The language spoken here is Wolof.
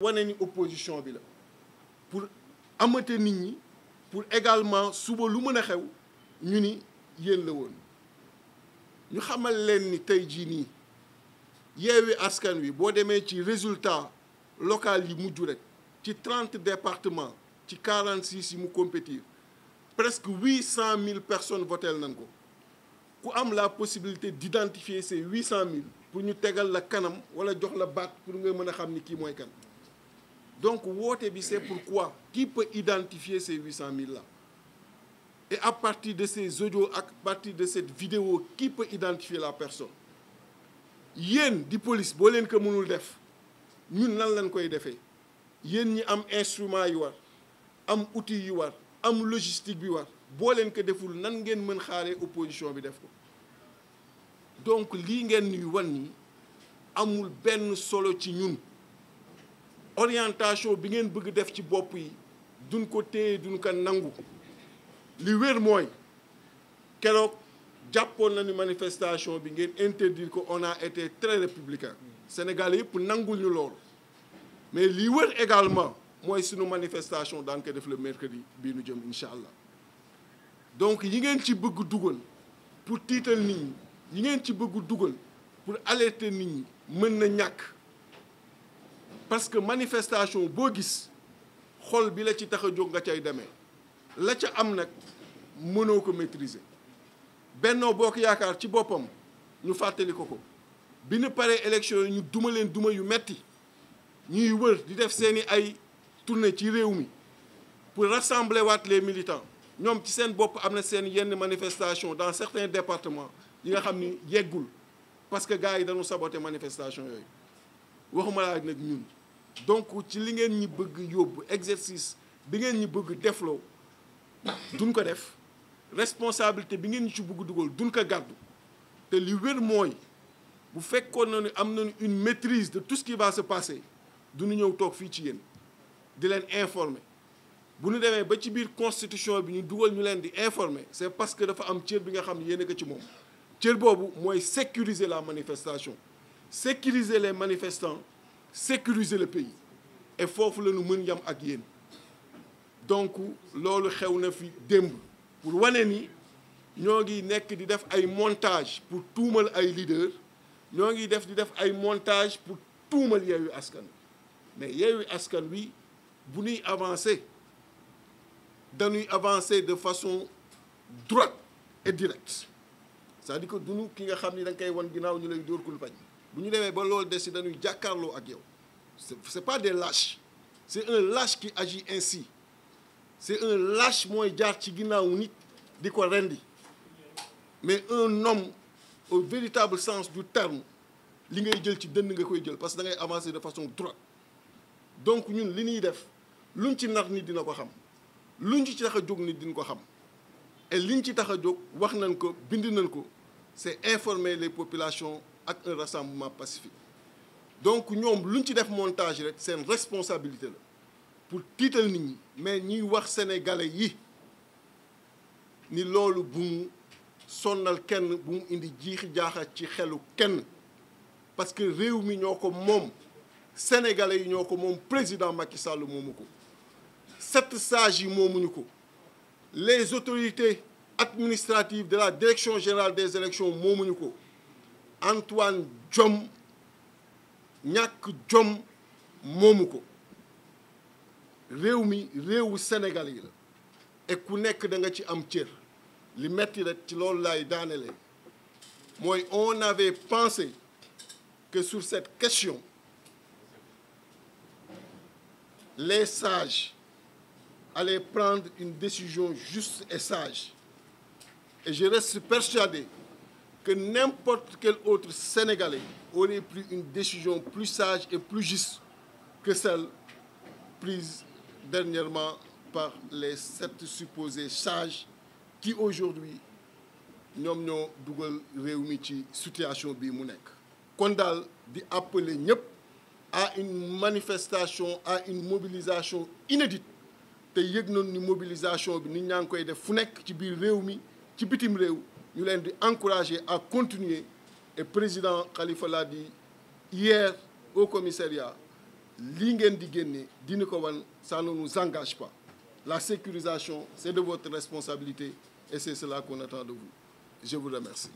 wane ni opposition bi la pour amate nit ñi pour également suba lu mën a xew ñu ni yéen la woon ñu xamal leen ni tey jii nii yeewi askan wi boo demee ci résultat local yi mujj rek ci trente départements ci quarante six yi mu compétir presque huit cent mille personnes voteel nañ ko ku am la possibilité d'identifier ces huit cent mille pour ñu tegal la kanam wala jox la baat pour nga mën a xam ni kii mooy kan donc woote bi c'est pourquoi qui peut identifier ces 800 000 là et à partir de ces audios ak partir de cette vidéo qui peut identifier la personne yéen di police boo leen ko mënul def ñun nan lañ koy defee yéen ñi am instrument yi war am outil yi war am logistique bi war boo leen ko deful nan ngeen mën xaaree opposition bi def ko donc lii ngeen ñuy wan ni amul benn solo ci ñun orientation bi ngeen bëgg def ci bopp yi dun ko téye duñ ko nangu li wér mooy keroog jàppoon na ni manifestation bi ngeen interdire ko on a été très républicain Sénégal yëpp nangul ñu lool mais li wër également mooy sunu manifestation daan ko def le mercredi bii nu jëm incha allah donc yi ngeen ci bëgg dugal pour tiital nit ñi yi ngeen ci bëgg dugal pour alerter nit ñi mën na ñàkk parce que manifestation boo gis xol bi la ci tax a jóg nga cay demee la ca am nag mënoo ko maîtriser Benno Bokk Yaakaar ci boppam ñu fàttali ko ko bi ñu paree élection yi ñu duma leen duma yu metti ñuy wër di def seeni ay tournée ci réew mi pour rassembler waat les militants ñoom ci seen bopp am na seen yenn manifestation dans certains départements yi nga xam ni yeggul parce que gars yi dañu saboter manifestation yooyu waxuma laa nag ñun donc ci li ngeen ñi bëgg yóbbu exercice bi ngeen ñi bëgg defloo duñ ko def responsabilité bi ngeen ñi ci bëgg dugal duñ ko gàddu te li wér mooy bu fekkoon na ni am nañu une maitrise de tout ce qui va se passer duñu ñëw toog fii ci yéen di leen informer bu nu demee ba ci biir constitution bi ñu dugal ñu leen di informer c'est parce que dafa am cër bi nga xam ne yéen a ko ci moom cër boobu mooy sécuriser la manifestation sécuriser les manifestants sécuriser le pays et foofu la mën yam ak yéen donc loolu xew na fi démb pour wane ni ñoo ngi nekk di def ay montage pour tuumal ay leaders ñoo ngi def di def ay montage pour tuumal Yewwi Askan mais Yewwi Askan wi bu ñuy avancé dañuy avancé de façon droite et directe c'est-à-dire que ki nga xam ni da koy wan ginnaaw ñu lay dóor kul pañ bu ñu demee ba loolu des si dañuy jàkkaarloo ak yow c'est pas des lâches c'est un lâche qui agit ainsi c'est un lâche mooy jaar ci ginnaawu nit di ko rendi mais un nom au véritable sens du terme li ngay jël ci dënn nga koy jël parce que dangay ngay avancer de façon droite donc ñun li ñuy def luñ ci nar nit dina ko xam luñ ci tax a jóg nit dina ko xam et liñ ci tax a jóg wax nañ ko bind nañ ko c'est informer les populations ak un rassemblement pacifique donc ñoom lu ñu ci def montage rek seen responsabilité la pour tiital nit ñi mais ñuy wax sénégalais yi ni loolu bu mu sonnal kenn bu mu indi jiixi jaaxal ci xelu kenn parce que réew mi ñoo ko moom sénégalais yi ñoo ko moom président Macky Sall moomu ko sept sages yi moomuñu ko les autorités administratives de la direction générale des élections moomuñu ko Antoine Diome ñàkk jom moomu réew mi réewu Sénégal yi ku nekk da nga ci am cër li metti rek ci loolu laay daanelee mooy on avait pensé que sur cette question les sages allaient prendre une décision juste et sage et je reste persuadé que n'importe quel autre Sénégalais aurait pris une décision plus sage et plus juste que celle prise dernièrement par les sept supposés sages qui aujourd'hui ñoom ñoo dugal réew mi ci situation bi mu nekk kon daal di appeler ñëpp à une manifestation à une mobilisation inédite te yëg noonu ni mobilisation bi nit ñaa ngi koy def fu nekk ci biir réew mi ci bitim réew ñu leen di encourager à continuer et président Khalifa l'a dit hier au commissariat lii ngeen di génne dina ko wan ça ne nous engage pas la sécurisation c'est de votre responsabilité et c'est cela qu'on attend de vous je vous remercie